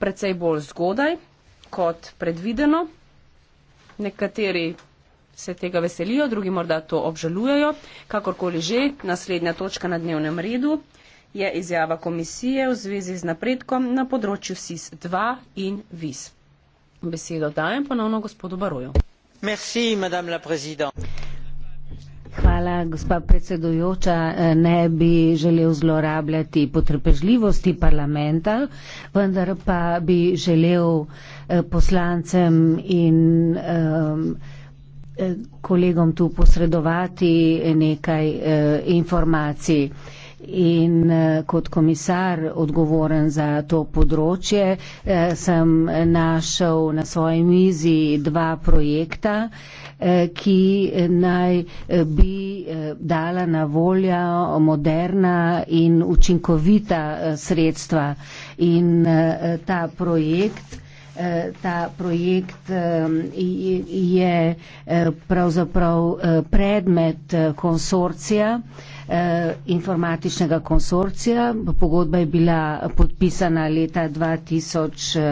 precej bolj zgodaj kot predvideno. Nekateri se tega veselijo, drugi morda to obžalujejo. Kakorkoli že, naslednja točka na dnevnem redu je izjava komisije v zvezi z napredkom na področju SIS-2 in VIS. Besedo dajem ponovno gospodu Baroju. Merci, madame la prezident. Hvala, gospa predsedujoča. Eh, ne bi želel zlorabljati potrpežljivosti parlamenta, vendar pa bi želel eh, poslancem in ehm, eh, kolegom tu posredovati nekaj informacij in eh, kot komisar odgovoren za to področje eh, sem našel na svoji mizi dva projekta, eh, ki naj bi dala na voljo moderna in učinkovita sredstva. In ta projekt Ta projekt je pravzaprav predmet konsorcija Eh, informatičnega konsorcija. Pogodba je bila podpisana leta 2000,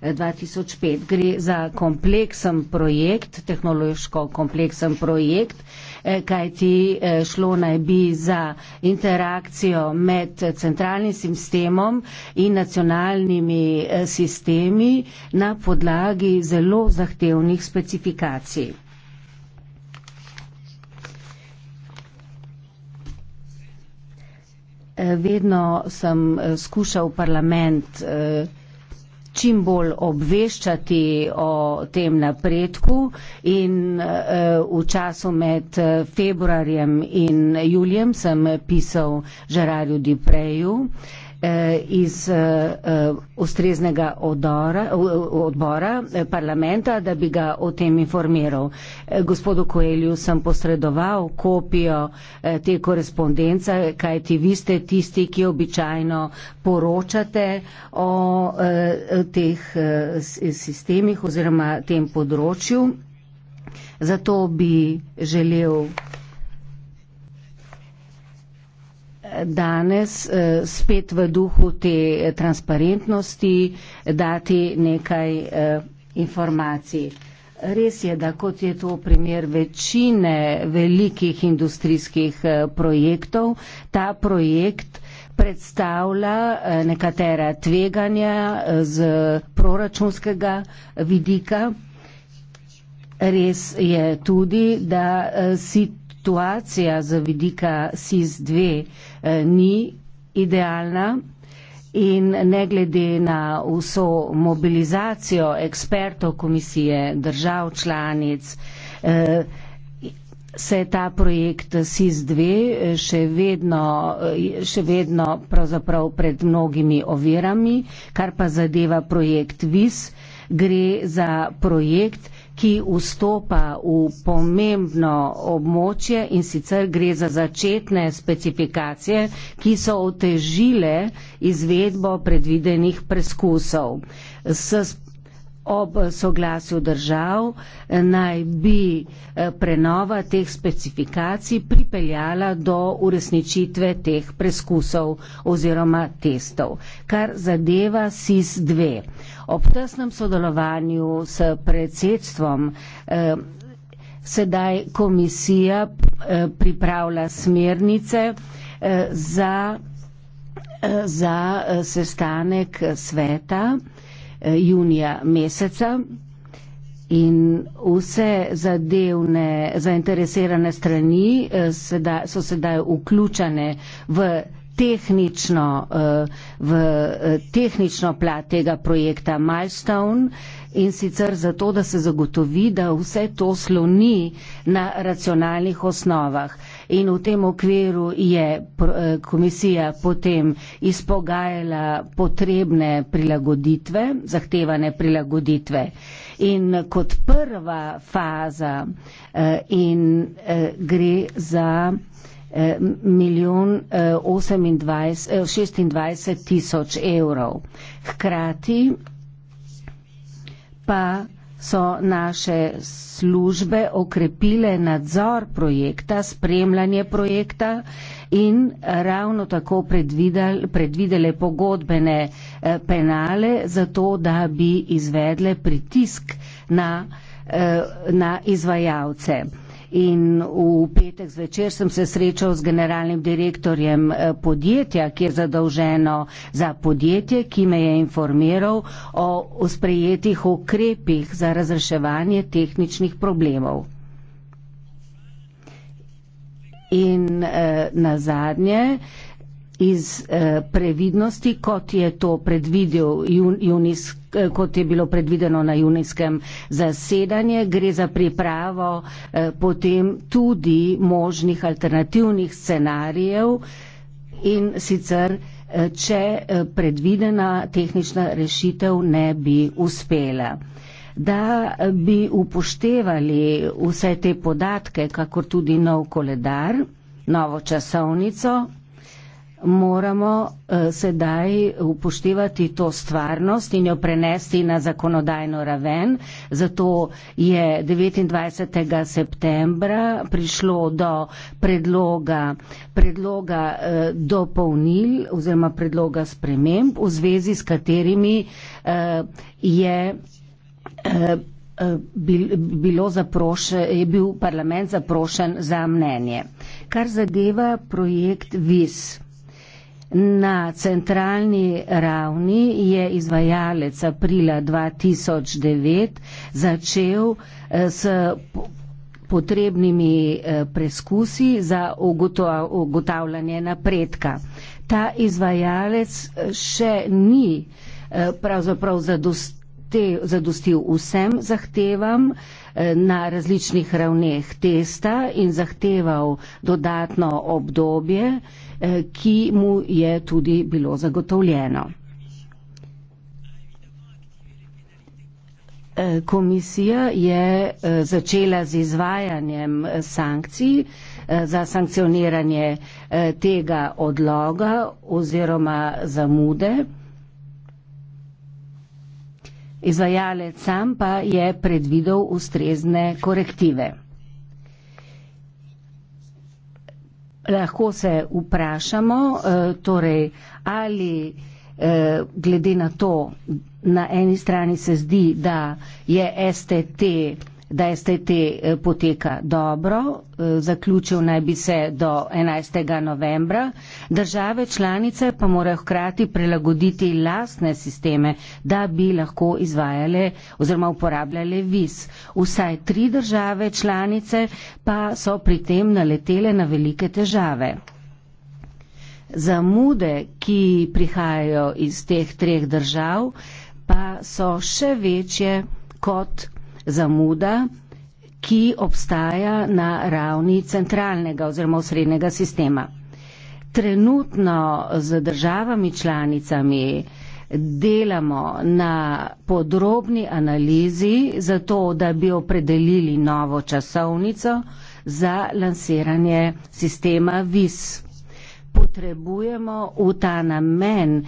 2005. Eh, Gre za kompleksen projekt, tehnološko kompleksen projekt, eh, kaj ti šlo naj bi za interakcijo med centralnim sistemom in nacionalnimi sistemi na podlagi zelo zahtevnih specifikacij. vedno sem eh, skušal parlament eh, čim bolj obveščati o tem napredku in eh, v času med februarjem in julijem sem pisal Žerarju Dipreju, Eh, iz eh, eh, ustreznega odora, odbora parlamenta, da bi ga o tem informiral. Gospodu Koelju sem posredoval kopijo te korespondence, kajti vi ste tisti, ki običajno poročate o teh sistemih oziroma tem področju. Zato bi želel danes eh, spet v duhu te eh, transparentnosti dati nekaj eh, informacij. Res je, da kot je to primer večine velikih industrijskih projektov, ta projekt predstavlja nekatera tveganja z proračunskega vidika. Res je tudi, da situacija z vidika SIS 2 Eh, ni idealna. In ne glede na vso mobilizacijo ekspertov komisije, držav članic, eh, se ta projekt SIS-2 eh, še vedno, še vedno pravzaprav pred mnogimi ovirami, kar pa zadeva projekt VIS, gre za projekt, ki vstopa v pomembno območje in sicer gre za začetne specifikacije, ki so otežile izvedbo predvidenih preskusov. S ob soglasju držav eh, naj bi eh, prenova teh specifikacij pripeljala do uresničitve teh preskusov oziroma testov, kar zadeva SIS 2 ob tesnem sodelovanju s predsedstvom eh, sedaj komisija eh, pripravlja smernice eh, za, za sestanek sveta junija meseca in vse zadevne zainteresirane strani so sedaj vključene v tehnično, eh, v eh, tehnično plat tega projekta Milestone in sicer zato, da se zagotovi, da vse to sloni na racionalnih osnovah. In v tem okviru je eh, komisija potem izpogajala potrebne prilagoditve, zahtevane prilagoditve. In kot prva faza in gre za milijon 26 eh, eh, tisoč evrov. Hkrati pa so naše službe okrepile nadzor projekta, spremljanje projekta in ravno tako predvidele pogodbene eh, penale za to, da bi izvedle pritisk na, na izvajalce in v petek zvečer sem se srečal z generalnim direktorjem eh, podjetja, ki je zadolženo za podjetje, ki me je informiral o sprejetih ukrepih za razreševanje tehničnih problemov. In eh, na zadnje, eh, iz eh, previdnosti, kot je to predvidel jun, junis, eh, kot je bilo predvideno na junijskem zasedanju. Gre za pripravo eh, potem tudi možnih alternativnih scenarijev in sicer, eh, če eh, predvidena tehnična rešitev ne bi uspela. Da eh, bi upoštevali vse te podatke, kakor tudi nov koledar, novo časovnico, moramo uh, sedaj upoštevati to stvarnost in jo prenesti na zakonodajno raven. Zato je 29. septembra prišlo do predloga, predloga uh, dopolnil oziroma predloga sprememb, v zvezi s katerimi uh, je. Uh, Bilo zaproše, je bil parlament zaprošen za mnenje. Kar zadeva projekt VIS, Na centralni ravni je izvajalec aprila 2009 začel eh, s potrebnimi eh, preskusi za ugotavljanje napredka. Ta izvajalec eh, še ni pravzaprav zadostoval te zadostil vsem zahtevam eh, na različnih ravneh testa in zahteval dodatno obdobje, eh, ki mu je tudi bilo zagotovljeno. Eh, komisija je začela z izvajanjem sankcij za sankcioniranje tega odloga oziroma zamude. Izvajalec sam pa je predvidel ustrezne korektive. Lahko se vprašamo, eh, torej, ali eh, glede na to, na eni strani se zdi, da je STT da je STT eh, poteka dobro, eh, zaključil naj bi se do 11. novembra. Države članice pa morajo hkrati prilagoditi lastne sisteme, da bi lahko izvajale oziroma uporabljale viz. Vsaj tri države članice pa so pri tem naletele na velike težave. Zamude, ki prihajajo iz teh treh držav, pa so še večje kot zamuda, ki obstaja na ravni centralnega oziroma osrednjega sistema. Trenutno z državami članicami delamo na podrobni analizi za to, da bi opredelili novo časovnico za lansiranje sistema VIS. Potrebujemo v ta namen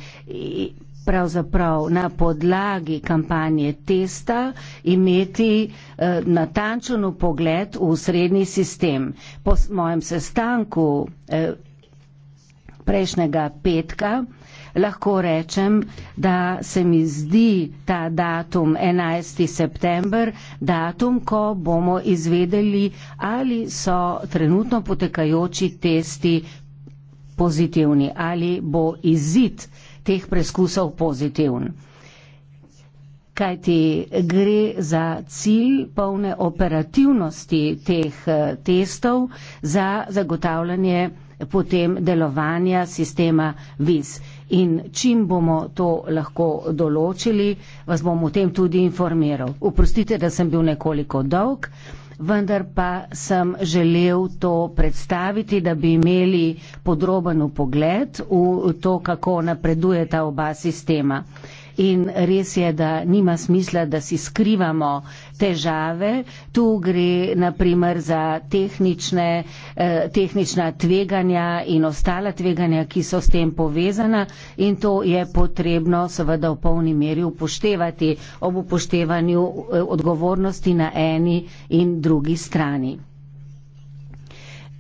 pravzaprav na podlagi kampanje testa imeti eh, natančen pogled v srednji sistem. Po mojem sestanku eh, prejšnjega petka lahko rečem, da se mi zdi ta datum 11. september datum, ko bomo izvedeli, ali so trenutno potekajoči testi pozitivni ali bo izid eh, teh preskusov pozitivn. Kaj ti gre za cilj polne operativnosti teh eh, testov za zagotavljanje potem delovanja sistema VIS. In čim bomo to lahko določili, vas bom o tem tudi informiral. Uprostite, da sem bil nekoliko dolg vendar pa sem želel to predstaviti, da bi imeli podroben pogled v to, kako napreduje ta oba sistema in res je, da nima smisla, da si skrivamo težave. Tu gre naprimer za tehnične, eh, tehnična tveganja in ostala tveganja, ki so s tem povezana in to je potrebno seveda v polni meri upoštevati ob upoštevanju eh, odgovornosti na eni in drugi strani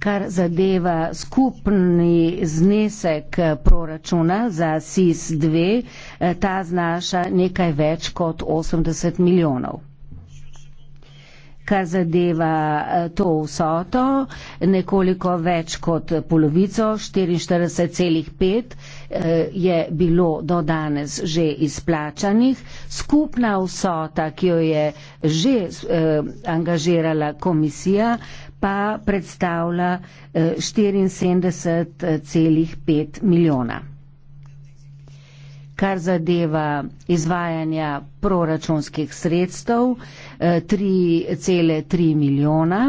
kar zadeva skupni znesek proračuna za SIS-2, eh, ta znaša nekaj več kot 80 milijonov. Kar zadeva eh, to vsoto, nekoliko več kot polovico, 44,5 eh, je bilo do danes že izplačanih. Skupna vsota, ki jo je že angažirala komisija, pa predstavlja 74,5 eh, eh, milijona. Kar zadeva izvajanja proračunskih sredstev, 3,3 eh, milijona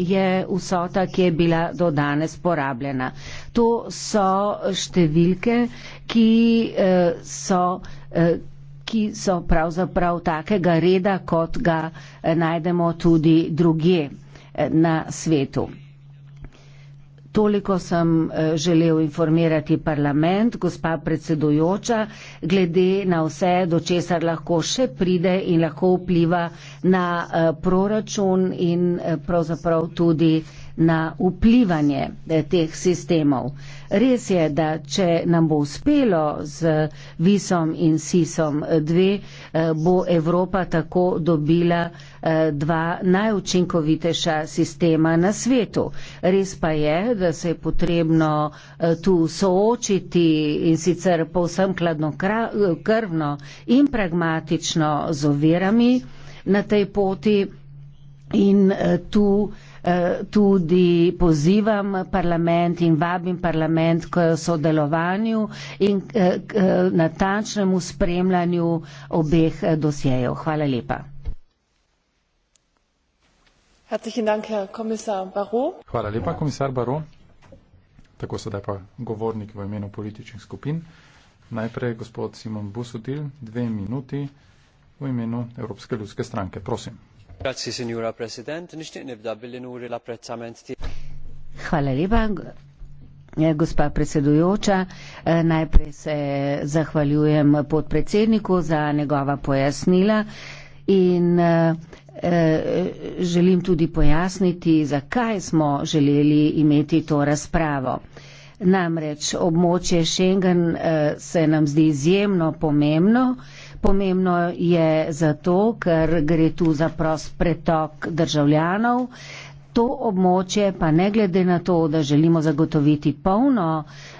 je vsota, ki je bila do danes porabljena. To so številke, ki so, ki so pravzaprav takega reda, kot ga najdemo tudi drugje na svetu. Toliko sem eh, želel informirati parlament, gospa predsedujoča, glede na vse, do česar lahko še pride in lahko vpliva na eh, proračun in eh, pravzaprav tudi na vplivanje eh, teh sistemov. Res je, da če nam bo uspelo z visom in sisom 2, eh, bo Evropa tako dobila eh, dva najučinkovitejša sistema na svetu. Res pa je, da se je potrebno tu soočiti in sicer povsem kladno krvno in pragmatično z ovirami na tej poti in tu Eh, tudi pozivam parlament in vabim parlament k sodelovanju in eh, k eh, natančnemu spremljanju obeh dosjejev. Hvala lepa. Hvala lepa, komisar Baro. Tako sedaj pa govornik v imenu političnih skupin. Najprej gospod Simon Busutil, dve minuti v imenu Evropske ljudske stranke. Prosim. Eh, gospa predsedujoča, eh, najprej se zahvaljujem podpredsedniku za njegova pojasnila in eh, želim tudi pojasniti, zakaj smo želeli imeti to razpravo. Namreč območje Schengen se nam zdi izjemno pomembno, Pomembno je zato, ker gre tu za prost pretok državljanov. To območje pa ne glede na to, da želimo zagotoviti polno,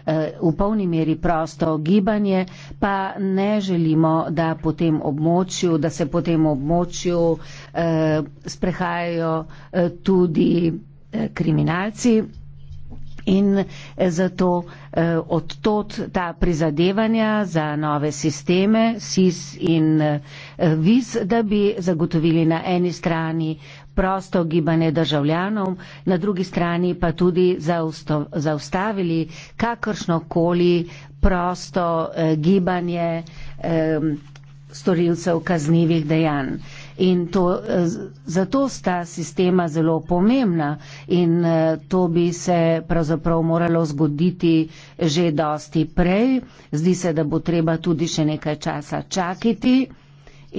eh, v polni meri prosto gibanje, pa ne želimo, da, po tem območju, da se po tem območju eh, sprehajajo eh, tudi kriminalci. In eh, zato eh, odtot ta prizadevanja za nove sisteme, SIS in eh, VIS, da bi zagotovili na eni strani prosto gibanje državljanov, na drugi strani pa tudi zausto, zaustavili kakršnokoli prosto eh, gibanje eh, storilcev kaznivih dejanj. Eh, in to, zato sta sistema zelo pomembna in eh, to bi se pravzaprav moralo zgoditi že dosti prej. Zdi se, da bo treba tudi še nekaj časa čakiti.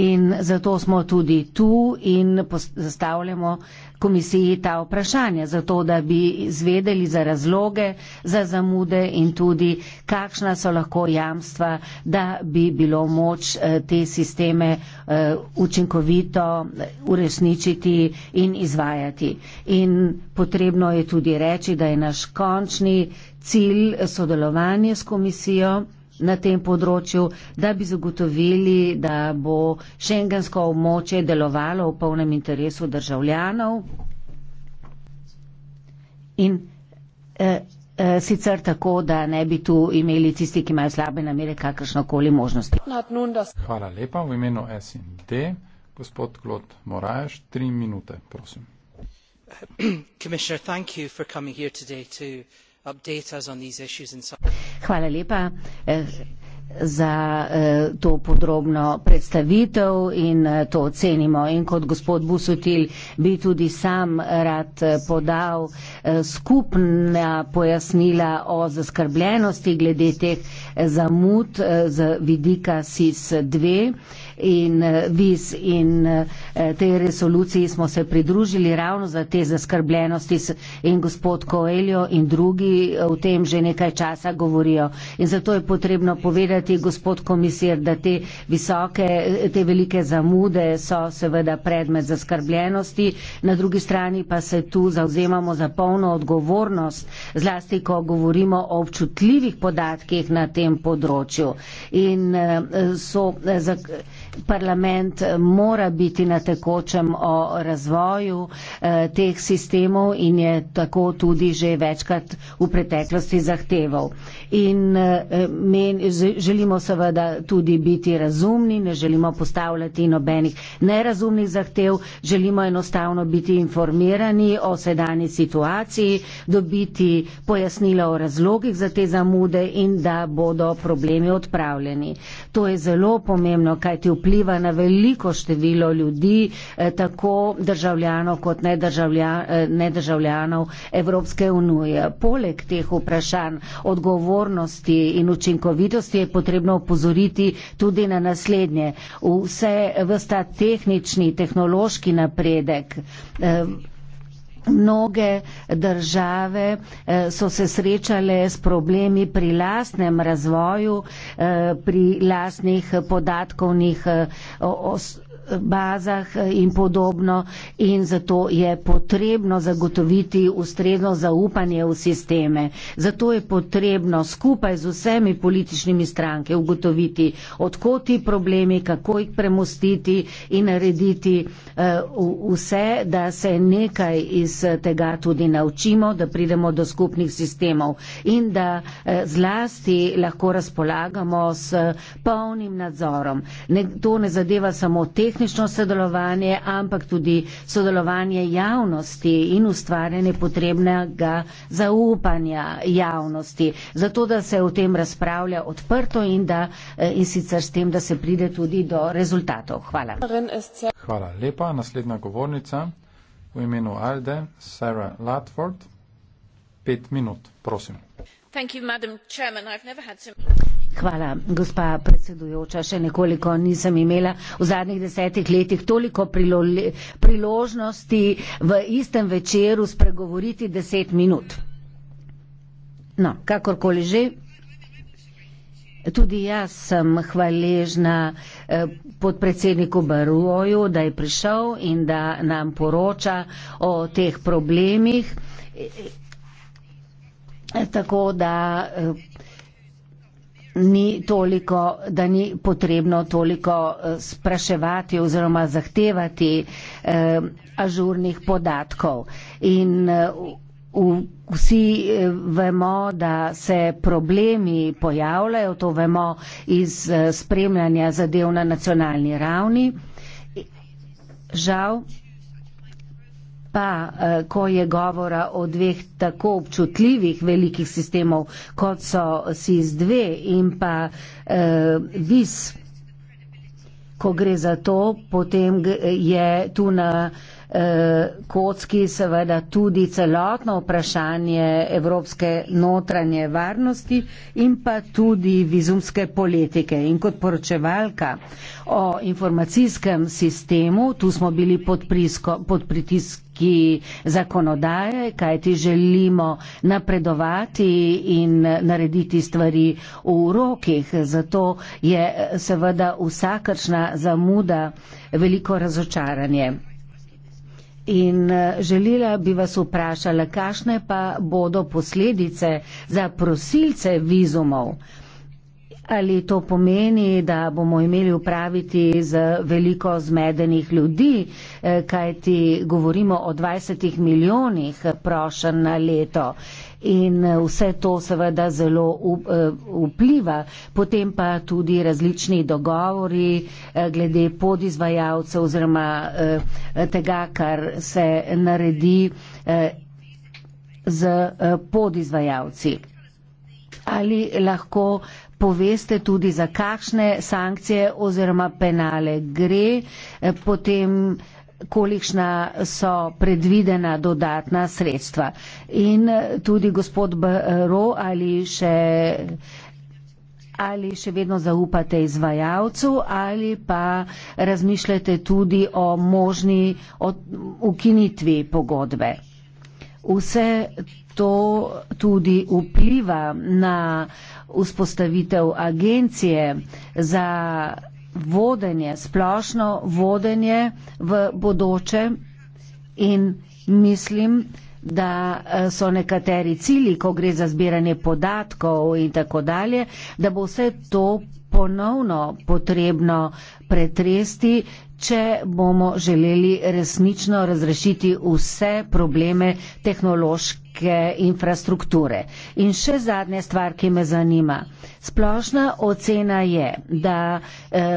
In zato smo tudi tu in zastavljamo komisiji ta vprašanja, zato da bi izvedeli za razloge, za zamude in tudi kakšna so lahko jamstva, da bi bilo moč eh, te sisteme eh, učinkovito eh, uresničiti in izvajati. In potrebno je tudi reči, da je naš končni cilj sodelovanje s komisijo na tem področju, da bi zagotovili, da bo šengensko območje delovalo v polnem interesu državljanov. In e, e, sicer tako, da ne bi tu imeli tisti, ki imajo slabe namere, kakršnokoli možnosti. Hvala lepa v imenu SND. Gospod Klot Moraješ, tri minute, prosim. Komisar, hvala, da ste prišli danes, da nas obveščate o teh problemih. Hvala lepa eh, za eh, to podrobno predstavitev in eh, to ocenimo. In kot gospod Busutil bi tudi sam rad podal skupna pojasnila o zaskrbljenosti glede teh zamud z vidika SIS 2 in eh, viz in eh, tej resoluciji smo se pridružili ravno za te zaskrbljenosti in gospod Koeljo in drugi v eh, tem že nekaj časa govorijo. In zato je potrebno povedati, gospod komisir, da te visoke, te velike zamude so seveda predmet zaskrbljenosti, na drugi strani pa se tu zauzemamo za polno odgovornost, zlasti ko govorimo o občutljivih podatkih na tem področju. In so, parlament eh, mora biti na tekočem o razvoju eh, teh sistemov in je tako tudi že večkrat v preteklosti zahteval. In eh, men, želimo seveda tudi biti razumni, ne želimo postavljati nobenih nerazumnih zahtev, želimo enostavno biti informirani o sedanji situaciji, dobiti pojasnila o razlogih za te zamude in da bodo problemi odpravljeni. To je zelo pomembno, kaj ti v vpliva na veliko število ljudi, eh, tako državljanov kot eh, nedržavljanov Evropske unije. Poleg teh vprašanj odgovornosti in učinkovitosti je potrebno opozoriti tudi na naslednje. Vse vsta tehnični, tehnološki napredek. Eh, Mnoge države eh, so se srečale s problemi pri lastnem razvoju, eh, pri lastnih podatkovnih eh, bazah eh, in podobno in zato je potrebno zagotoviti ustrezno zaupanje v sisteme. Zato je potrebno skupaj z vsemi političnimi stranke ugotoviti, odkot ti problemi, kako jih premustiti in narediti eh, vse, da se nekaj iz tega tudi naučimo, da pridemo do skupnih sistemov in da eh, zlasti lahko razpolagamo s polnim nadzorom. To ne zadeva samo tehnično, tehnično sodelovanje, ampak tudi sodelovanje javnosti in ustvarjanje potrebnega zaupanja javnosti, zato da se o tem razpravlja odprto in, da, eh, in sicer s tem, da se pride tudi do rezultatov. Hvala. Hvala lepa. Naslednja govornica v imenu Alde, Sarah Latford. Pet minut, prosim gospa predsedujoča še nekoliko nisem imela v zadnjih desetih letih toliko priložnosti v istem večeru spregovoriti deset minut. No, kakorkoli že. Tudi jaz sem hvaležna eh, podpredsedniku Baruoju, da je prišel in da nam poroča o teh problemih tako da eh, ni toliko, da ni potrebno toliko eh, spraševati oziroma zahtevati eh, ažurnih podatkov. In vsi vemo, da se problemi pojavljajo, to vemo iz spremljanja zadev na nacionalni ravni. Žal pa eh, ko je govora o dveh tako občutljivih velikih sistemov, kot so SIS-2 in pa eh, VIS. Ko gre za to, potem je tu na eh, kocki seveda tudi celotno vprašanje evropske notranje varnosti in pa tudi vizumske politike. In kot poročevalka o informacijskem sistemu, tu smo bili pod, prisko, pod pritiskom jeziki zakonodaje, kaj ti želimo napredovati in narediti stvari v rokih. Zato je seveda vsakršna zamuda veliko razočaranje. In eh, želela bi vas vprašala, kakšne pa bodo posledice za prosilce vizumov, Ali to pomeni, da bomo imeli upraviti z veliko zmedenih ljudi, eh, kajti govorimo o 20 milijonih prošen na leto in eh, vse to seveda zelo eh, vpliva. Potem pa tudi različni dogovori glede podizvajalcev oziroma tega, kar se naredi z podizvajalci. Ali lahko poveste tudi, za kakšne sankcije oziroma penale gre, eh, potem kolikšna so predvidena dodatna sredstva. In eh, tudi gospod Baro, ali še, ali še vedno zaupate izvajalcu ali pa razmišljate tudi o možni ukinitvi pogodbe. Vse to tudi vpliva na vzpostavitev agencije za vodenje, splošno vodenje v bodoče in mislim, da e, so nekateri cili, ko gre za zbiranje podatkov in tako dalje, da bo vse to ponovno potrebno uh, pretresti, če bomo želeli resnično razrešiti vse probleme tehnološke infrastrukture. In še zadnja stvar, ki me zanima. Splošna ocena je, da eh,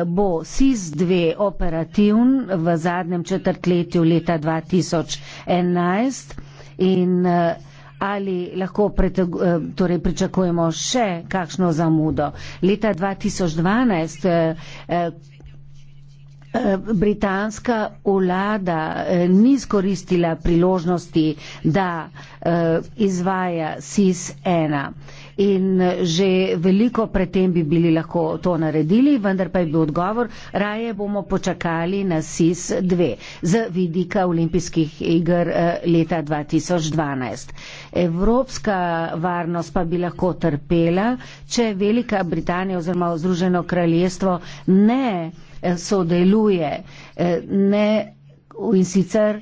bo SIS-2 operativen v zadnjem četrtletju leta 2011 in eh, ali lahko eh, torej pričakujemo še kakšno zamudo. Leta 2012, Eh, britanska vlada eh, ni skoristila priložnosti, da eh, izvaja SIS-1 in eh, že veliko predtem bi bili lahko to naredili, vendar pa je bil odgovor, raje bomo počakali na SIS-2 z vidika olimpijskih igr eh, leta 2012. Evropska varnost pa bi lahko trpela, če Velika Britanija oziroma Združeno kraljestvo ne eh, sodeluje ne, in sicer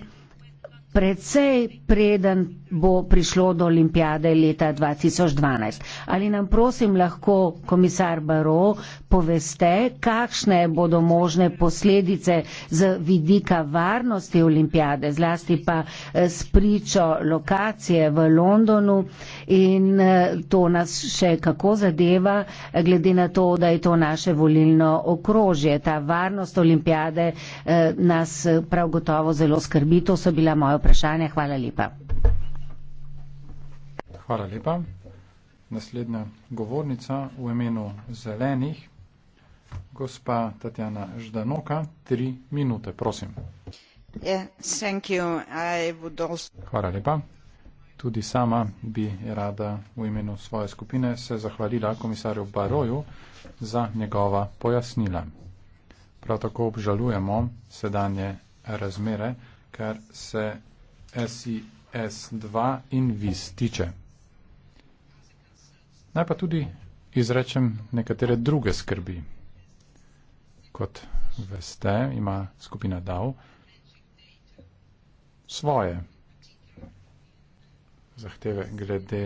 predvsej preden bo prišlo do olimpijade leta 2012. Ali nam prosim lahko komisar Baro poveste, kakšne bodo možne posledice z vidika varnosti olimpijade, zlasti pa eh, s pričo lokacije v Londonu in eh, to nas še kako zadeva, eh, glede na to, da je to naše volilno okrožje. Ta varnost olimpijade nas prav gotovo zelo skrbi. To so bila moja vprašanja. Hvala lepa. Hvala lepa. Naslednja govornica v imenu zelenih, gospa Tatjana Ždanoka, tri minute, prosim. Hvala lepa. Tudi sama bi rada v imenu svoje skupine se zahvalila komisarju Baroju za njegova pojasnila. Prav tako obžalujemo sedanje razmere, ker se SIS-2 in VIS tiče. Naj pa tudi izrečem nekatere druge skrbi. Kot veste, ima skupina DAO svoje zahteve glede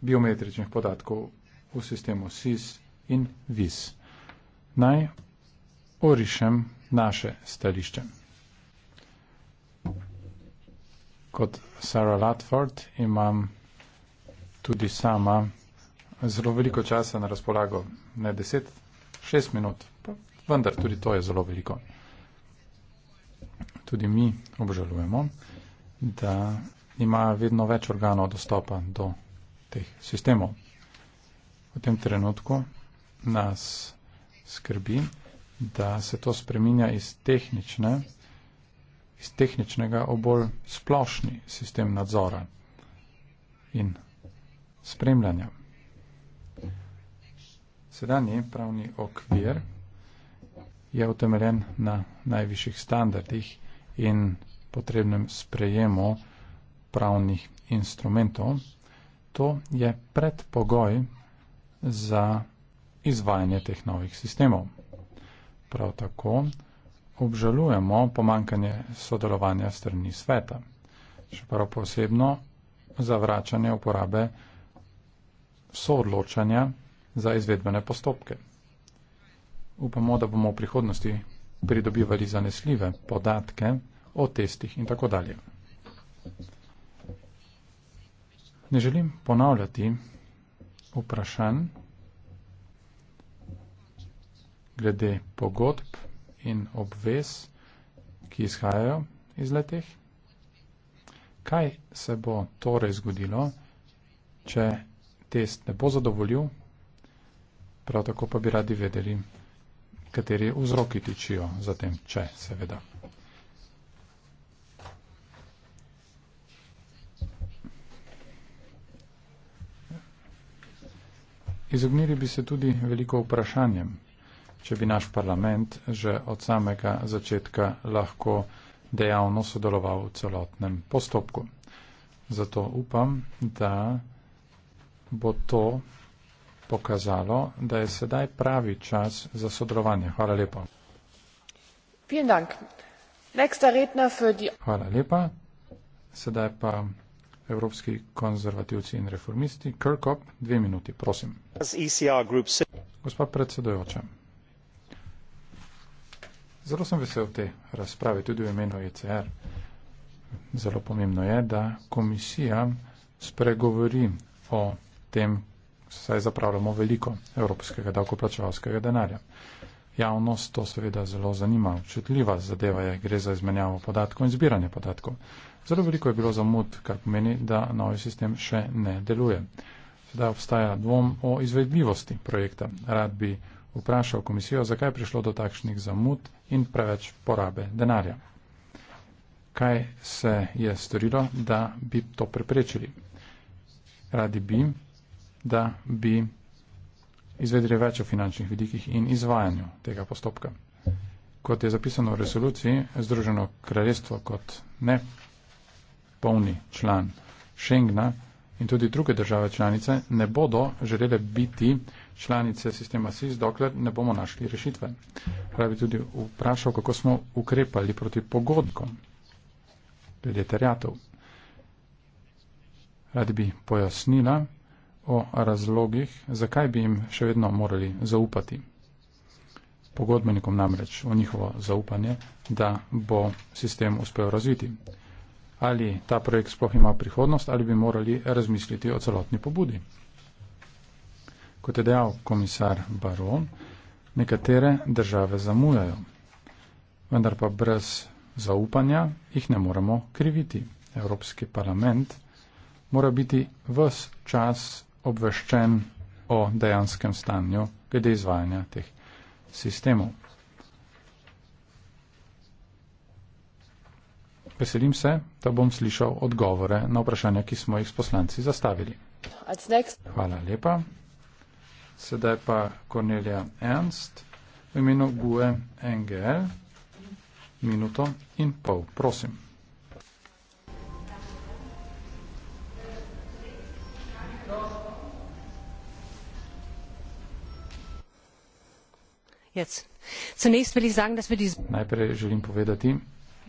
biometričnih podatkov v sistemu SIS in VIS. Naj orišem naše stališče. Kot Sarah Latford imam tudi sama zelo veliko časa na razpolago, ne 10, 6 minut, pa vendar tudi to je zelo veliko. Tudi mi obžalujemo, da ima vedno več organov dostopa do teh sistemov. V tem trenutku nas skrbi, da se to spreminja iz, tehnične, iz tehničnega v bolj splošni sistem nadzora in spremljanja. Sedanji pravni okvir je utemeljen na najvišjih standardih in potrebnem sprejemu pravnih instrumentov. To je predpogoj za izvajanje teh novih sistemov. Prav tako obžalujemo pomankanje sodelovanja strani sveta, še prav posebno zavračanje uporabe soodločanja za izvedbene postopke. Upamo, da bomo v prihodnosti pridobivali zanesljive podatke o testih in tako dalje. Ne želim ponavljati vprašanj glede pogodb in obvez, ki izhajajo iz leteh. Kaj se bo torej zgodilo, če test ne bo zadovoljil, prav tako pa bi radi vedeli, kateri vzroki tičijo za tem, če seveda. Izognili bi se tudi veliko vprašanjem, če bi naš parlament že od samega začetka lahko dejavno sodeloval v celotnem postopku. Zato upam, da bo to pokazalo, da je sedaj pravi čas za sodelovanje. Hvala lepa. Hvala lepa. Sedaj pa Evropski konzervativci in reformisti. Kirkop, dve minuti, prosim. E Gospa predsedojoča, zelo sem vesel te razprave, tudi v imenu ECR. Zelo pomembno je, da komisija spregovori o tem saj zapravljamo veliko evropskega davkoplačevalskega denarja. Javnost to seveda zelo zanima. Očitljiva zadeva je, gre za izmenjavo podatkov in zbiranje podatkov. Zelo veliko je bilo zamud, kar pomeni, da novi sistem še ne deluje. Sedaj obstaja dvom o izvedljivosti projekta. Rad bi vprašal komisijo, zakaj je prišlo do takšnih zamud in preveč porabe denarja. Kaj se je storilo, da bi to preprečili? Radi bi, da bi izvedli več o finančnih vidikih in izvajanju tega postopka. Kot je zapisano v resoluciji, Združeno kraljestvo kot ne polni član Schengna in tudi druge države članice ne bodo želele biti članice sistema SIS, dokler ne bomo našli rešitve. Pravi tudi vprašal, kako smo ukrepali proti pogodkom glede terjatov. Radi bi pojasnila, o razlogih, zakaj bi jim še vedno morali zaupati. Pogodbenikom namreč o njihovo zaupanje, da bo sistem uspel razviti. Ali ta projekt sploh ima prihodnost ali bi morali razmisliti o celotni pobudi. Kot je dejal komisar Baron, nekatere države zamujajo, vendar pa brez zaupanja jih ne moremo kriviti. Evropski parlament mora biti vse čas obveščen o dejanskem stanju glede izvajanja teh sistemov. Veselim se, da bom slišal odgovore na vprašanja, ki smo jih s poslanci zastavili. Hvala lepa. Sedaj pa Kornelija Ernst v imenu GUE NGL. Minuto in pol, prosim. Jetzt. Sagen, dass wir Najprej želim povedati,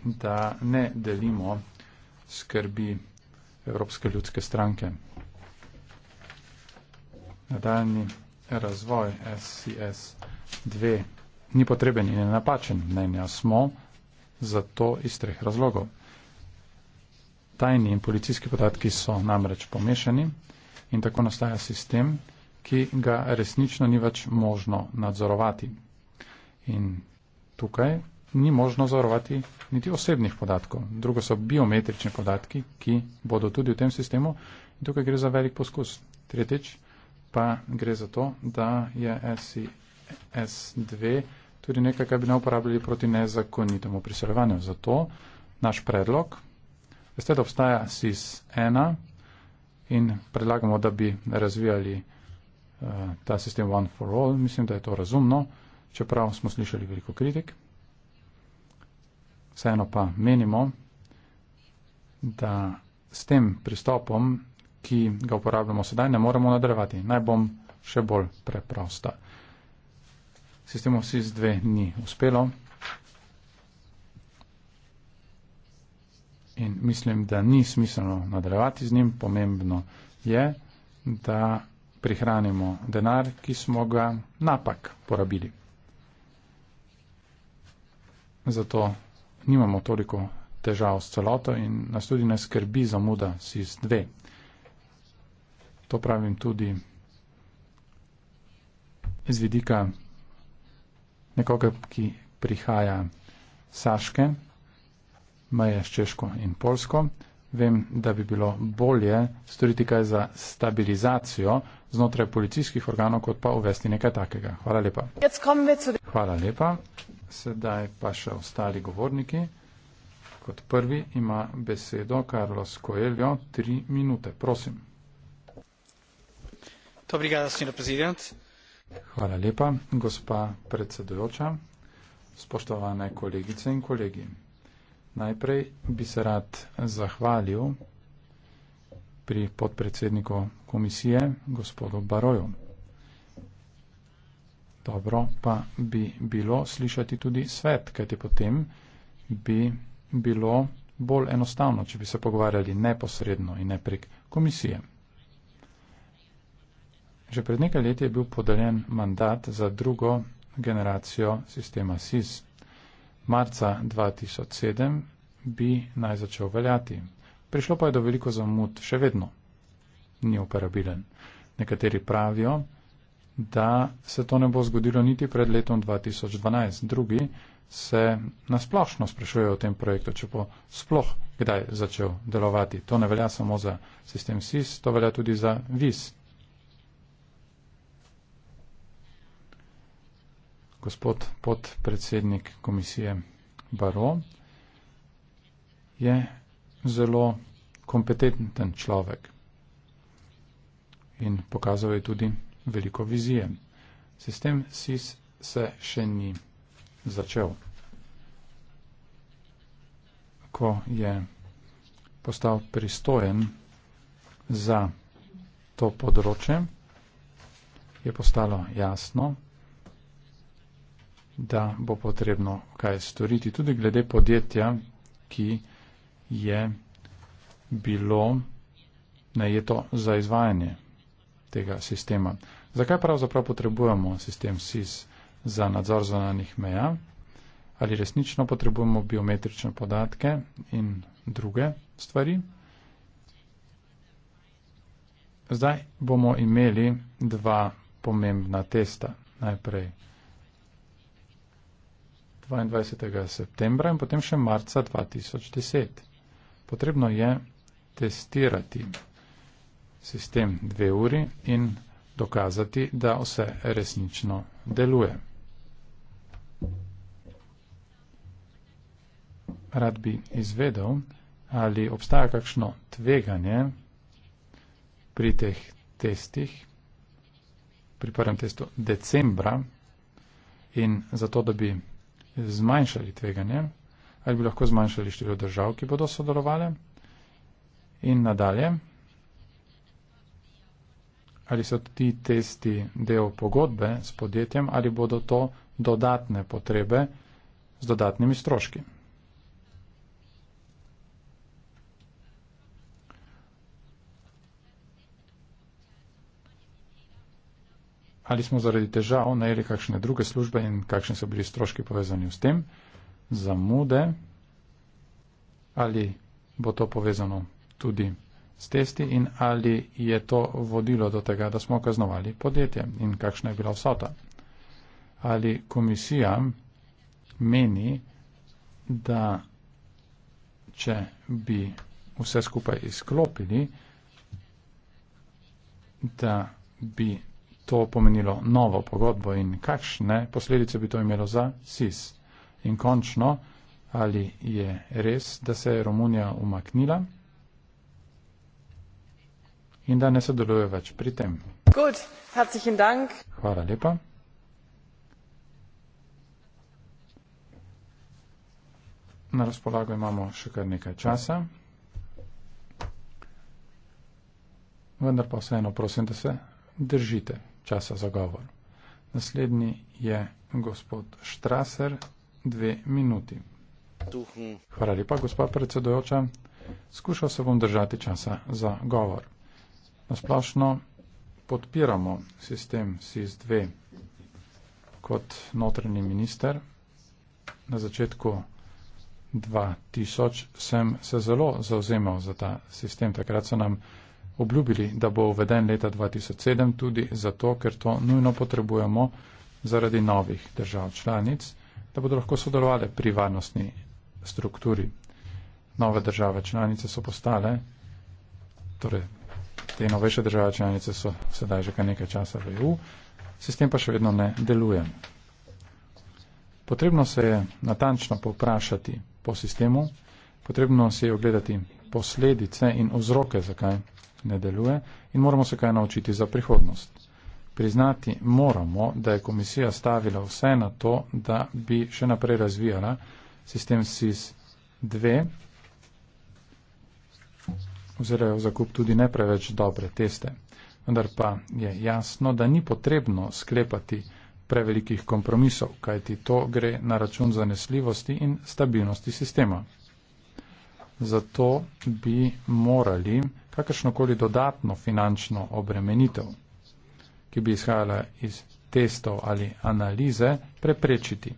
da ne delimo skrbi Evropske ljudske stranke. Nadaljni razvoj SCS 2 ni potreben in je napačen. Mnenja smo zato iz treh razlogov. Tajni in policijski podatki so namreč pomešani in tako nastaja sistem, ki ga resnično ni več možno nadzorovati. In tukaj ni možno zavarovati niti osebnih podatkov. Drugo so biometrični podatki, ki bodo tudi v tem sistemu. In tukaj gre za velik poskus. Tretjič pa gre za to, da je SIS-2 tudi nekaj, kar bi ne uporabljali proti nezakonitemu priseljevanju. Zato naš predlog, veste, da obstaja SIS-1 in predlagamo, da bi razvijali uh, ta sistem One for All. Mislim, da je to razumno. Uh, čeprav smo slišali veliko kritik. Vseeno pa menimo, da s tem pristopom, ki ga uporabljamo sedaj, ne moremo nadaljevati. Naj bom še bolj preprosta. Sistemu SIS-2 ni uspelo. In mislim, da ni smiselno nadaljevati z njim. Pomembno je, da prihranimo denar, ki smo ga napak porabili zato nimamo toliko težav s celoto in nas tudi ne skrbi zamuda SIS-2. To pravim tudi iz vidika nekoga, ki prihaja Saške, meje s Češko in Polsko. Vem, da bi bilo bolje storiti kaj za stabilizacijo znotraj policijskih organov, kot pa uvesti nekaj takega. Hvala lepa. Hvala lepa. Sedaj pa še ostali govorniki. Kot prvi ima besedo Carlos Coelho, tri minute. Prosim. Hvala lepa, gospa predsedujoča, spoštovane kolegice in kolegi. Najprej bi se rad zahvalil pri podpredsedniku komisije, gospodu Baroju. Dobro pa bi bilo slišati tudi svet, kajti potem bi bilo bolj enostavno, če bi se pogovarjali neposredno in ne prek komisije. Že pred nekaj leti je bil podeljen mandat za drugo generacijo sistema SIS marca 2007 bi naj začel veljati. Prišlo pa je do veliko zamud, še vedno ni uporabilen. Nekateri pravijo, da se to ne bo zgodilo niti pred letom 2012. Drugi se nasplošno sprašujejo o tem projektu, če bo sploh kdaj začel delovati. To ne velja samo za sistem SIS, to velja tudi za VIS, gospod podpredsednik komisije Baro, je zelo kompetenten človek in pokazal je tudi veliko vizije. Sistem SIS se še ni začel. Ko je postal pristojen za to področje, je postalo jasno, da bo potrebno kaj storiti. Tudi glede podjetja, ki je bilo najeto za izvajanje tega sistema. Zakaj pravzaprav potrebujemo sistem SIS za nadzor zonanih meja? Ali resnično potrebujemo biometrične podatke in druge stvari? Zdaj bomo imeli dva pomembna testa. Najprej 22. septembra in potem še marca 2010. Potrebno je testirati sistem dve uri in dokazati, da vse resnično deluje. Rad bi izvedel, ali obstaja kakšno tveganje pri teh testih, pri prvem testu decembra in zato, da bi zmanjšali tveganje, ali bi lahko zmanjšali število držav, ki bodo sodelovali. In nadalje, ali so ti testi del pogodbe s podjetjem, ali bodo to dodatne potrebe z dodatnimi stroški. ali smo zaradi težav najeli kakšne druge službe in kakšni so bili stroški povezani s tem, zamude, ali bo to povezano tudi s testi in ali je to vodilo do tega, da smo kaznovali podjetje in kakšna je bila vsota. Ali komisija meni, da če bi vse skupaj izklopili, da bi to pomenilo novo pogodbo in kakšne posledice bi to imelo za SIS. In končno, ali je res, da se je Romunija umaknila in da ne sodeluje več pri tem. Gut, dank. Hvala lepa. Na razpolago imamo še kar nekaj časa. Vendar pa vseeno prosim, da se držite časa za govor. Naslednji je gospod Štraser, dve minuti. Hvala lepa, gospa predsedojoča. Skušal se bom držati časa za govor. Nasplošno podpiramo sistem SIS-2 kot notrni minister. Na začetku 2000 sem se zelo zauzemal za ta sistem. Takrat so nam obljubili, da bo uveden leta 2007 tudi zato, ker to nujno potrebujemo zaradi novih držav članic, da bodo lahko sodelovali pri varnostni strukturi. Nove države članice so postale, torej te novejše države članice so sedaj že kar nekaj časa v EU, sistem pa še vedno ne deluje. Potrebno se je natančno povprašati po sistemu, potrebno se je ogledati posledice in vzroke, zakaj ne deluje in moramo se kaj naučiti za prihodnost. Priznati moramo, da je komisija stavila vse na to, da bi še naprej razvijala sistem SIS-2, oziroma zakup tudi ne preveč dobre teste. Vendar pa je jasno, da ni potrebno sklepati prevelikih kompromisov, kajti to gre na račun zanesljivosti in stabilnosti sistema. Zato bi morali kakršnokoli dodatno finančno obremenitev, ki bi izhajala iz testov ali analize, preprečiti.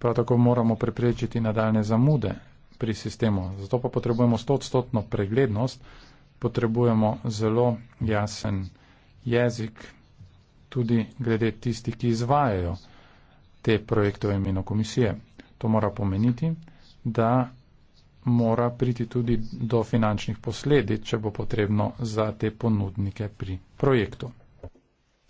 Prav tako moramo preprečiti nadaljne zamude pri sistemu. Zato pa potrebujemo stotstotno preglednost, potrebujemo zelo jasen jezik tudi glede tistih, ki izvajajo te projektove imeno komisije. To mora pomeniti, da mora priti tudi do finančnih posledic, če bo potrebno za te ponudnike pri projektu.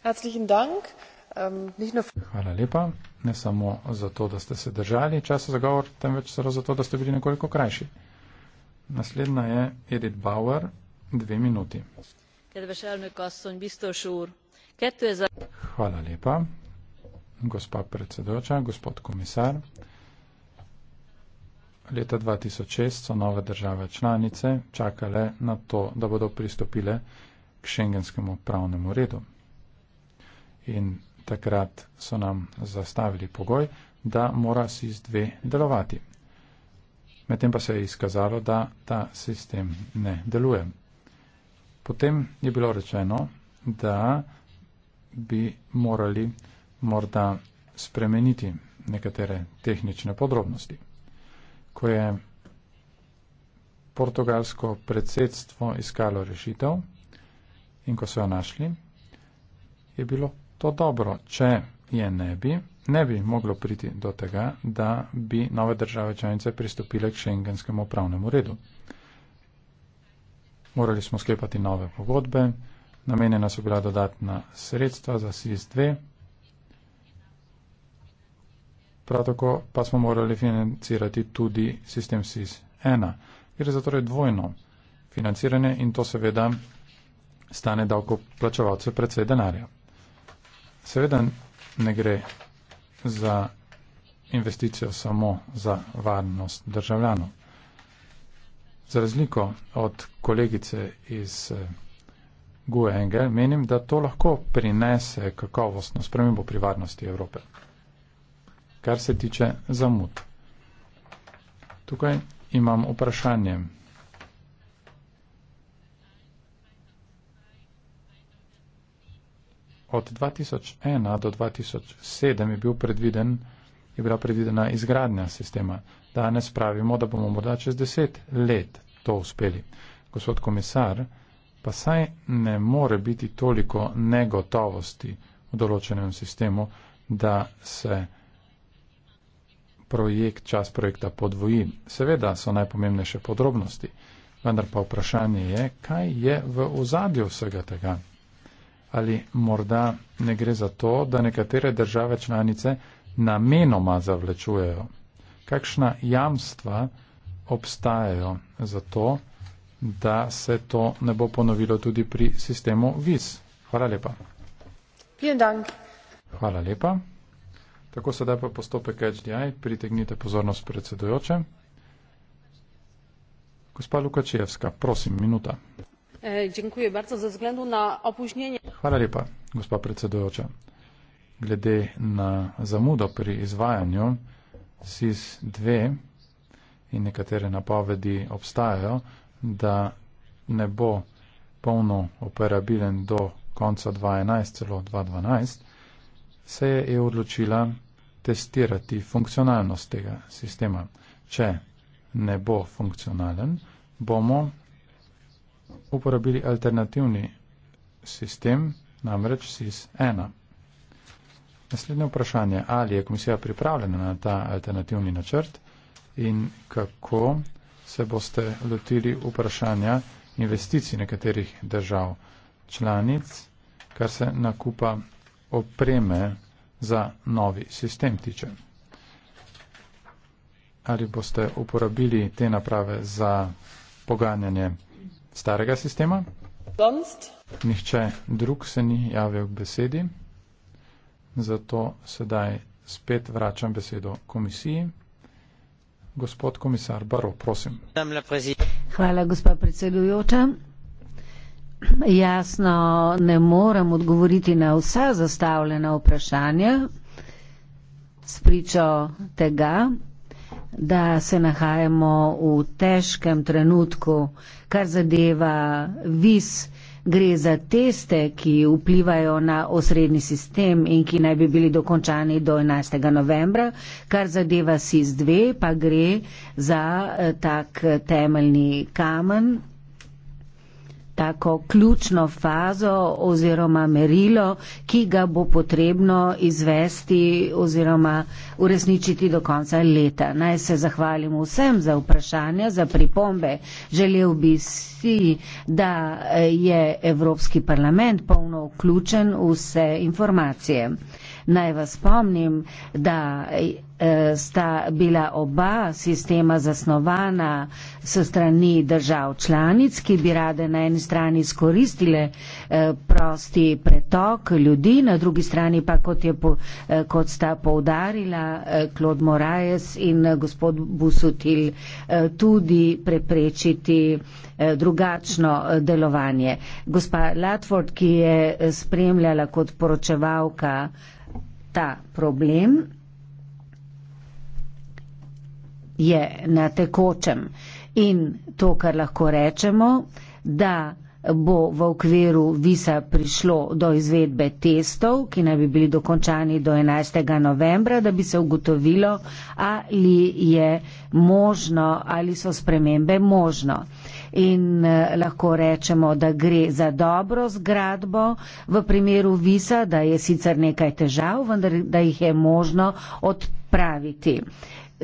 Ähm, Hvala lepa, ne samo zato, da ste se držali časa za govor, temveč zato, da ste bili nekoliko krajši. Naslednja je Edith Bauer, dve minuti. Hvala lepa, gospa predsedujoča, gospod komisar. Leta 2006 so nove države članice čakale na to, da bodo pristopile k šengenskemu pravnemu redu. In takrat so nam zastavili pogoj, da mora SIS-2 delovati. Medtem pa se je izkazalo, da ta sistem ne deluje. Potem je bilo rečeno, da bi morali morda spremeniti nekatere tehnične podrobnosti ko je portugalsko predsedstvo iskalo rešitev in ko so jo našli, je bilo to dobro. Če je ne bi, ne bi moglo priti do tega, da bi nove države članice pristopile k šengenskemu pravnemu redu. Morali smo sklepati nove pogodbe, namenjena so bila dodatna sredstva za SIS 2 prav tako pa smo morali financirati tudi sistem SIS-1. Gre za torej dvojno financiranje in to seveda stane davkoplačevalce predvsej denarja. Seveda ne gre za investicijo samo za varnost državljanov. Za razliko od kolegice iz eh, GUE-NG menim, da to lahko prinese kakovostno spremembo pri varnosti Evrope kar se tiče zamud. Tukaj imam vprašanje. Od 2001 do 2007 je, bil predviden, je bila predvidena izgradnja sistema. Danes pravimo, da bomo morda čez deset let to uspeli. Gospod komisar, pa saj ne more biti toliko negotovosti v določenem sistemu, da se projekt, čas projekta podvoji. Seveda so najpomembnejše podrobnosti, vendar pa vprašanje je, kaj je v ozadju vsega tega. Ali morda ne gre za to, da nekatere države članice namenoma zavlečujejo? Kakšna jamstva obstajajo za to, da se to ne bo ponovilo tudi pri sistemu VIS? Hvala lepa. Hvala lepa. Tako sedaj pa postopek HDI, pritegnite pozornost predsedojoče. Gospa Lukačevska, prosim, minuta. E, bardzo za na opužnjenje. Hvala lepa, gospa predsedojoča. Glede na zamudo pri izvajanju SIS-2 in nekatere napovedi obstajajo, da ne bo polno operabilen do konca 2011, celo 2012, se je EU odločila testirati funkcionalnost tega sistema. Če ne bo funkcionalen, bomo uporabili alternativni sistem, namreč SIS-1. Naslednje vprašanje, ali je komisija pripravljena na ta alternativni načrt in kako se boste lotili vprašanja investicij nekaterih držav članic, kar se nakupa opreme za novi sistem tiče. Ali boste uporabili te naprave za poganjanje starega sistema? Sonst? Nihče drug se ni javil k besedi, zato sedaj spet vračam besedo komisiji. Gospod komisar Baro, prosim. Hvala, gospod predsedujoča. Jasno, ne morem odgovoriti na vsa zastavljena vprašanja spričo tega, da se nahajamo v težkem trenutku, kar zadeva vis, gre za teste, ki vplivajo na osrednji sistem in ki naj bi bili dokončani do 11. novembra, kar zadeva SIS-2, pa gre za eh, tak eh, temeljni kamen tako ključno fazo oziroma merilo, ki ga bo potrebno izvesti oziroma uresničiti do konca leta. Naj se zahvalim vsem za vprašanja, za pripombe. Želel bi si, da je Evropski parlament polno vključen v vse informacije. Naj vas spomnim, da sta bila oba sistema zasnovana s strani držav članic, ki bi rade na eni strani skoristile eh, prosti pretok ljudi, na drugi strani pa, kot, je, eh, kot sta poudarila eh, Claude Moraes in gospod Busutil, tudi preprečiti drugačno delovanje. Gospa Latford, ki je spremljala kot poročevalka ta problem, je na tekočem. In to, kar lahko rečemo, da bo v okviru visa prišlo do izvedbe testov, ki naj bi bili dokončani do 11. novembra, da bi se ugotovilo, ali je možno, ali so spremembe možno. In eh, lahko rečemo, da gre za dobro zgradbo v primeru visa, da je sicer nekaj težav, vendar da jih je možno odpraviti. Uh,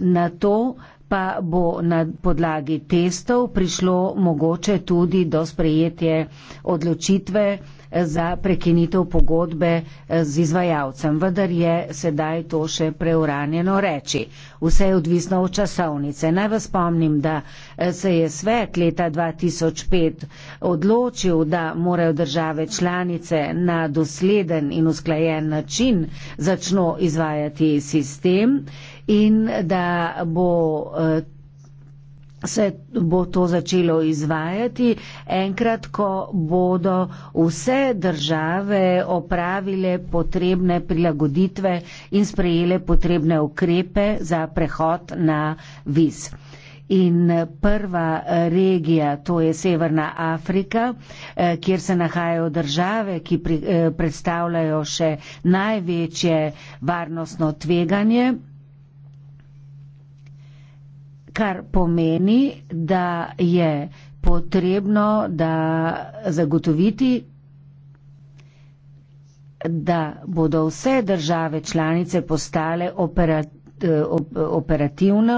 na to pa bo na podlagi testov prišlo mogoče tudi do sprejetje odločitve za prekinitev pogodbe z izvajalcem. Vendar je sedaj to še preuranjeno reči. Vse je odvisno od časovnice. Naj vas spomnim, da eh, se je svet leta 2005 odločil, da morajo države članice na dosleden in usklajen način začno izvajati sistem in da bo eh, se bo to začelo izvajati enkrat, ko bodo vse države opravile potrebne prilagoditve in sprejele potrebne ukrepe za prehod na viz. In prva regija, to je Severna Afrika, eh, kjer se nahajajo države, ki eh, predstavljajo še največje varnostno tveganje kar pomeni, da je potrebno da zagotoviti, da bodo vse države članice postale operativne operativno,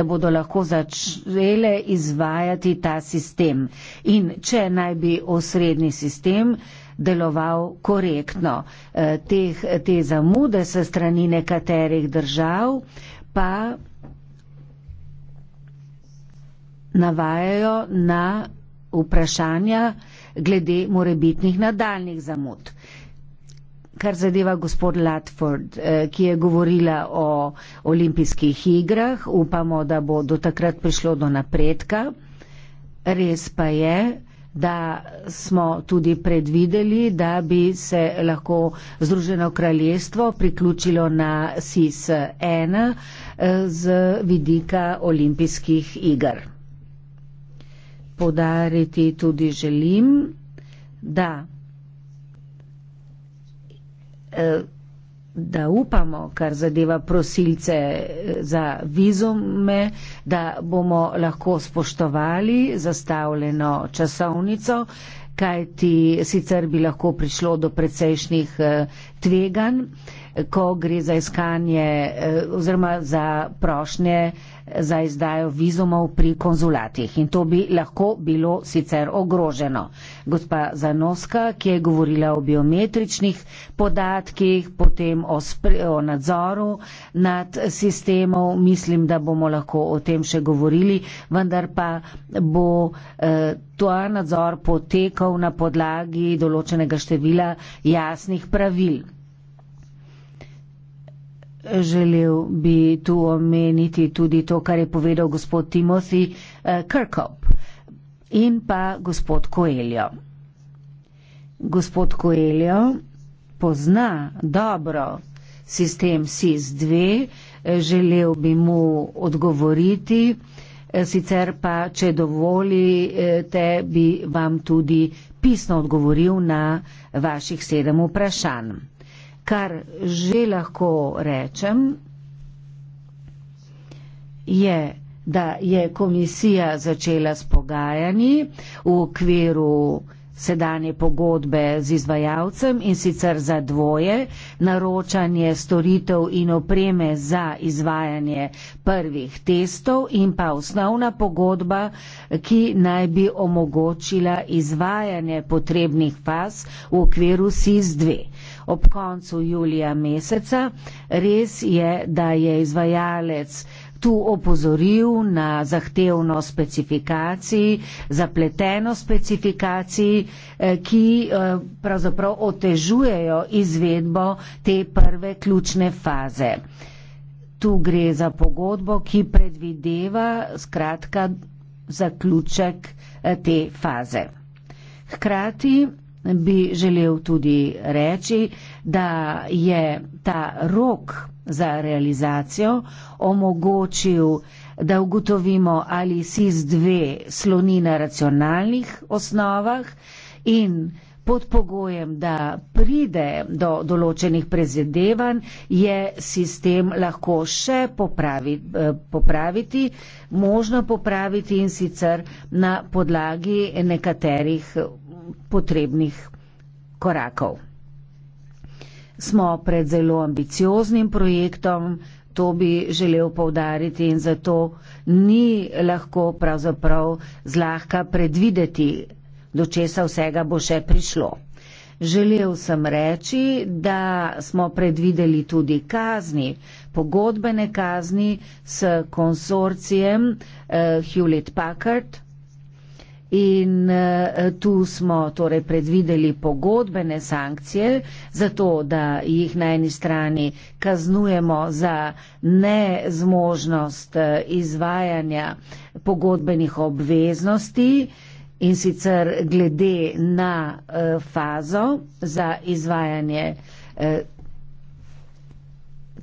da bodo lahko začele izvajati ta sistem in če naj bi osrednji sistem deloval korektno. Eh, teh, te zamude se strani nekaterih držav pa navajajo na vprašanja glede morebitnih nadaljnih zamud. Kar zadeva gospod Latford, eh, ki je govorila o olimpijskih igrah, upamo, da bo do takrat prišlo do napredka. Res pa je, da smo tudi predvideli, da bi se lahko Združeno kraljestvo priključilo na SIS-1 eh, z vidika olimpijskih igr poudariti tudi želim, da, eh, da upamo, kar zadeva prosilce eh, za vizume, da bomo lahko spoštovali zastavljeno časovnico, kajti sicer bi lahko prišlo do precejšnjih eh, tveganj ko gre za iskanje eh, oziroma za prošnje za izdajo vizumov pri konzulatih. In to bi lahko bilo sicer ogroženo. Gospa Zanoska, ki je govorila o biometričnih podatkih, potem o, o nadzoru nad sistemov, mislim, da bomo lahko o tem še govorili, vendar pa bo eh, to nadzor potekal na podlagi določenega števila jasnih pravil želel bi tu omeniti tudi to, kar je povedal gospod Timothy eh, Kirkhope in pa gospod Koeljo. Gospod Koeljo pozna dobro sistem SIS-2, eh, želel bi mu odgovoriti, eh, sicer pa, če dovolite, bi vam tudi pisno odgovoril na vaših sedem vprašanj kar že lahko rečem, je, da je komisija začela s pogajanji v okviru sedanje pogodbe z izvajalcem in sicer za dvoje naročanje storitev in opreme za izvajanje prvih testov in pa osnovna pogodba, ki naj bi omogočila izvajanje potrebnih faz v okviru SIS 2 ob koncu julija meseca. Res je, da je izvajalec tu opozoril na zahtevno specifikaciji, zapleteno specifikaciji, eh, ki eh, pravzaprav otežujejo izvedbo te prve ključne faze. Tu gre za pogodbo, ki predvideva skratka zaključek eh, te faze. Hkrati bi želel tudi reči, da je ta rok za realizacijo omogočil, da ugotovimo, ali si z dve sloni na racionalnih osnovah in pod pogojem, da pride do določenih prezidevanj, je sistem lahko še popraviti, eh, popraviti, možno popraviti in sicer na podlagi nekaterih potrebnih korakov. Smo pred zelo ambicioznim projektom, to bi želel povdariti in zato ni lahko pravzaprav zlahka predvideti, do česa vsega bo še prišlo. Želel sem reči, da smo predvideli tudi kazni, pogodbene kazni s konsorcijem eh, Hewlett Packard, In eh, tu smo torej predvideli pogodbene sankcije, zato da jih na eni strani kaznujemo za nezmožnost eh, izvajanja pogodbenih obveznosti in sicer glede na eh, fazo za izvajanje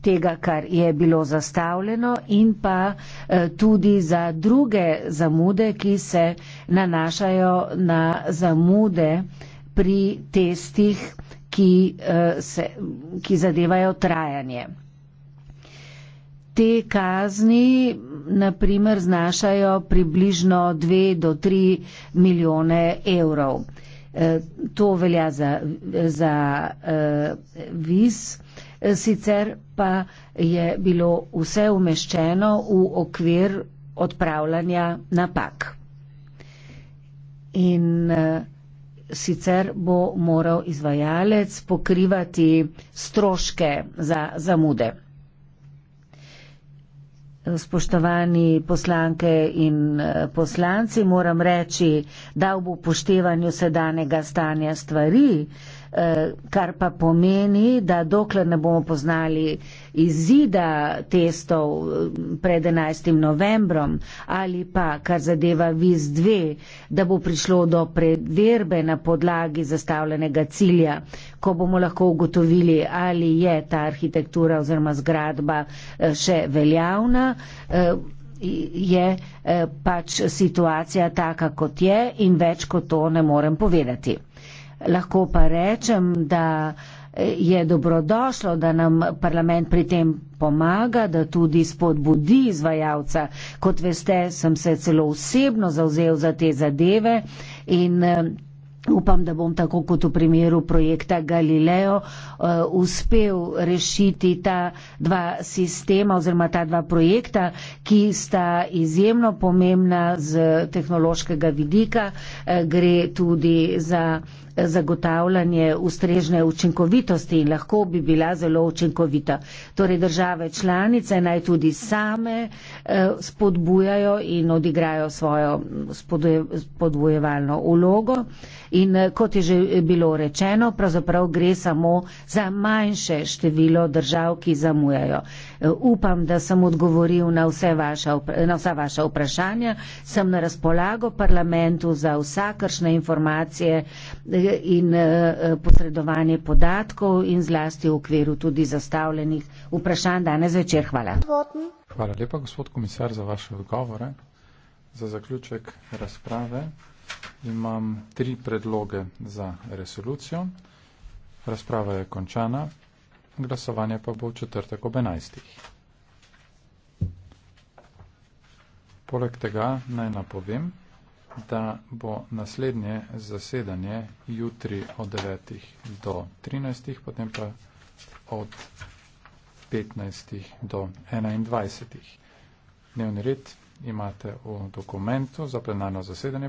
tega, kar je bilo zastavljeno in pa eh, tudi za druge zamude, ki se nanašajo na zamude pri testih, ki, eh, se, ki zadevajo trajanje. Te kazni naprimer znašajo približno 2 do 3 milijone evrov. E, to velja za, za e, viz sicer pa je bilo vse umeščeno v okvir odpravljanja napak. In eh, sicer bo moral izvajalec pokrivati stroške za zamude. Spoštovani poslanke in eh, poslanci, moram reči, da v upoštevanju sedanjega stanja stvari eh, Eh, kar pa pomeni, da dokler ne bomo poznali izida testov eh, pred 11. novembrom ali pa, kar zadeva viz 2, da bo prišlo do preverbe na podlagi zastavljenega cilja, ko bomo lahko ugotovili, ali je ta arhitektura oziroma zgradba eh, še veljavna. Je pač situacija taka, kot je, in več kot to ne morem povedati. Lahko pa rečem, da je dobrodošlo, da nam parlament pri tem pomaga, da tudi spodbudi izvajalca. Kot veste, sem se celo osebno zauzel za te zadeve in eh, upam, da bom tako kot v primeru projekta Galileo eh, uspel rešiti ta dva sistema oziroma ta dva projekta, ki sta izjemno pomembna z tehnološkega vidika. Eh, gre tudi za zagotavljanje ustrežne učinkovitosti in lahko bi bila zelo učinkovita. Torej države članice naj tudi same eh, spodbujajo in odigrajo svojo spodbujevalno ulogo. In eh, kot je že bilo rečeno, pravzaprav gre samo za manjše število držav, ki zamujajo upam, da sem odgovoril na, vaša, na vsa vaša vprašanja. Sem na razpolago parlamentu za vsakršne informacije eh, in eh, posredovanje podatkov in zlasti v okviru tudi zastavljenih vprašanj danes večer. Hvala. Hvala lepa, gospod komisar, za vaše odgovore. Za zaključek razprave imam tri predloge za resolucijo. Razprava je končana glasovanje pa bo v četrtek ob 11. Poleg tega naj napovem, da bo naslednje zasedanje jutri od 9. do 13. potem pa od 15. do 21. Dnevni red imate v dokumentu za plenarno zasedanje.